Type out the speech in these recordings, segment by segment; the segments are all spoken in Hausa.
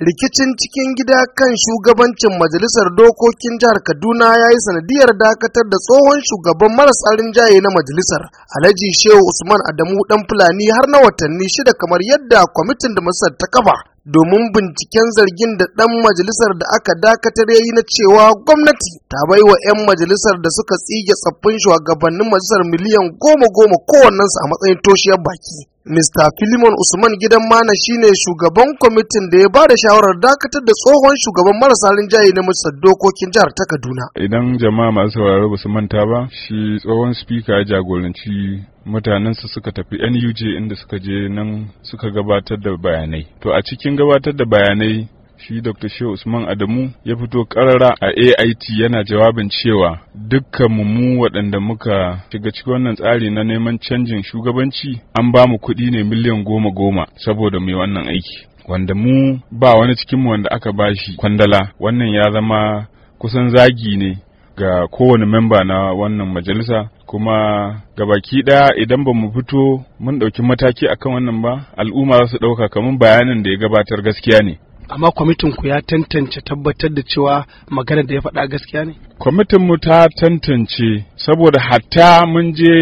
rikicin cikin gida kan shugabancin majalisar dokokin jihar kaduna ya yi sanadiyar dakatar da tsohon shugaban marasa rinjaye na majalisar alhaji shehu usman adamu dan fulani har na watanni shida kamar yadda kwamitin da masar ta kafa domin binciken zargin da ɗan majalisar da aka dakatar ya yi na cewa gwamnati ta bai wa 'yan majalisar da suka tsige tsaffin shugabannin majalisar miliyan goma goma kowannensu a matsayin toshiyar baki Mr. Filimon Usman Gidan Mana shine shugaban kwamitin da ya ba da shawarar dakatar da tsohon shugaban marasa rinjaye na majalisar dokokin jihar ta Kaduna. Idan jama'a masu sauraro ba su manta ba, shi tsohon spika ya jagoranci mutanensu suka tafi NUJ inda suka je nan suka gabatar da bayanai. To a cikin gabatar da bayanai shi dr shehu usman adamu ya fito karara a ait yana jawabin cewa dukkan mu waɗanda muka shiga cikin wannan tsari na neman canjin shugabanci an ba mu kuɗi ne miliyan goma goma saboda mai wannan aiki wanda mu ba wani cikinmu wanda aka bashi kwandala wannan ya zama kusan zagi ne ga kowane memba na wannan majalisa kuma gabaki ɗaya idan ba mu fito mun ɗauki mataki akan wannan ba al'umma za su ɗauka kamar bayanin da ya gabatar gaskiya ne amma kwamitin ku ya tantance tabbatar da cewa maganar da ya faɗa gaskiya ne kwamitin mu ta tantance saboda hatta mun je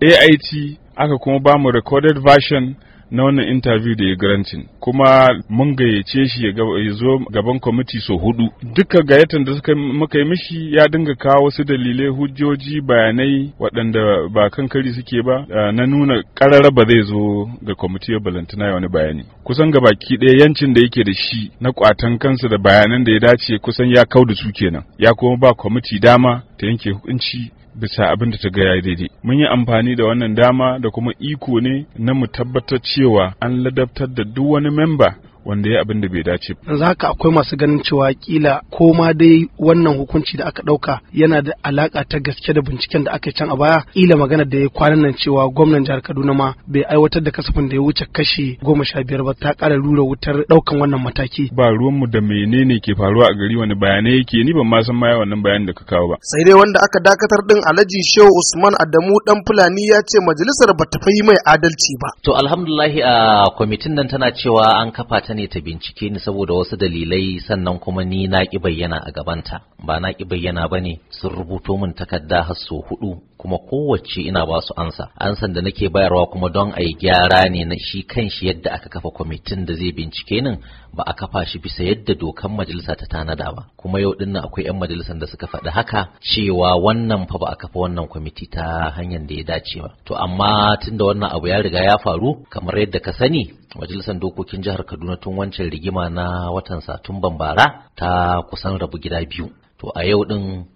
AIT aka kuma ba mu recorded version na wannan interview da ya garanti kuma mun gayyace shi ya zo gaban kwamiti so hudu duka gayyatan da suka muka yi mishi ya dinga kawo wasu dalilai hujjoji bayanai waɗanda ba kan kari suke ba na nuna karara ba zai zo ga kwamiti balantana ya wani bayani kusan ga baki ɗaya yancin da yake da shi na kwatan kansa da bayanan da ya dace kusan ya kau da su kenan ya kuma ba kwamiti dama ta yanke hukunci bisa abin da ta ga yayi daidai mun yi amfani da wannan dama da kuma iko ne na mu tabbatar cewa an ladabtar da duk wani memba wanda ya abin da bai dace yanzu haka akwai masu ganin cewa kila ko ma dai wannan hukunci da aka dauka yana da alaka ta gaske da binciken da aka can a baya kila magana da ya kwanan nan cewa gwamnan jihar Kaduna ma bai aiwatar da kasafin da ya wuce kashi goma sha biyar ba ta kara rura wutar daukan wannan mataki ba ruwan mu da menene ke faruwa a gari wani bayanai yake ni ban ma san ma wannan bayanin da ka kawo ba sai dai wanda aka dakatar din Alhaji Shehu Usman Adamu dan Fulani ya ce majalisar bata fa yi mai adalci ba to alhamdulillah a kwamitin nan tana cewa an kafa ta ta ne ta bincike ni saboda wasu dalilai sannan kuma ni na ƙi bayyana a gabanta ba na ƙi bayyana ba ne sun rubuto min takarda har sau hudu kuma kowacce ina ba su ansa ansan da nake bayarwa kuma don a yi gyara ne na shi kan shi yadda aka kafa kwamitin da zai bincike nin ba a kafa shi bisa yadda dokan majalisa ta tanada ba kuma yau dinnan akwai 'yan majalisar da suka faɗi haka cewa wannan fa ba a kafa wannan kwamiti ta hanyar da ya dace ba to amma tunda wannan abu ya riga ya faru kamar yadda ka sani majalisar dokokin jihar kaduna tun wancan rigima na watan satumban bara ta kusan rabu gida biyu to a yau din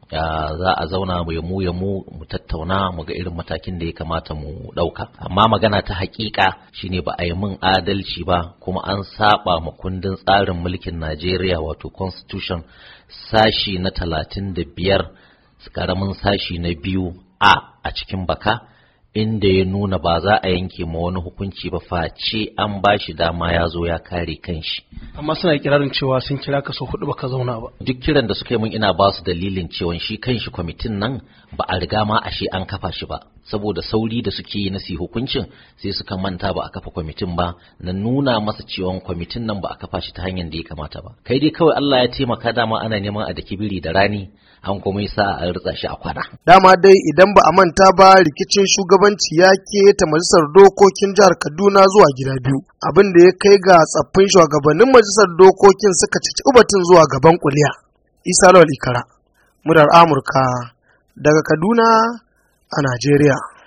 za a zauna mu yamu yamu mu tattauna mu ga irin matakin da ya kamata mu ɗauka amma magana ta haƙiƙa shine ba a yi min adalci ba kuma an saba ma kundin tsarin mulkin najeriya wato constitution sashi na talatin da biyar karamin sashi na biyu a a cikin baka inda ya nuna ba za a yanke ma wani hukunci ba face an ba shi dama ya zo ya kare kanshi. Amma suna kirarin cewa sun kira ka so hudu ba ka zauna ba. Duk kiran da suka yi min ina ba su dalilin cewa shi kanshi kwamitin nan ba a riga ma ashe an kafa shi ba. Saboda sauri da suke yi na si hukuncin sai suka manta ba a kafa kwamitin ba na nuna masa cewa kwamitin nan ba a kafa shi ta hanyar da ya kamata ba. Kai dai kawai Allah ya taimaka dama ana neman a da kibiri da rani an kuma yi sa a ritsa shi a kwana. Dama dai idan ba a manta ba rikicin shugaban shugabanci ya keta majalisar dokokin jihar kaduna zuwa gida biyu abin da ya kai ga tsaffin shugabannin majalisar dokokin suka ci ubatin zuwa gaban kuliya isa lawal ikara murar amurka daga kaduna a najeriya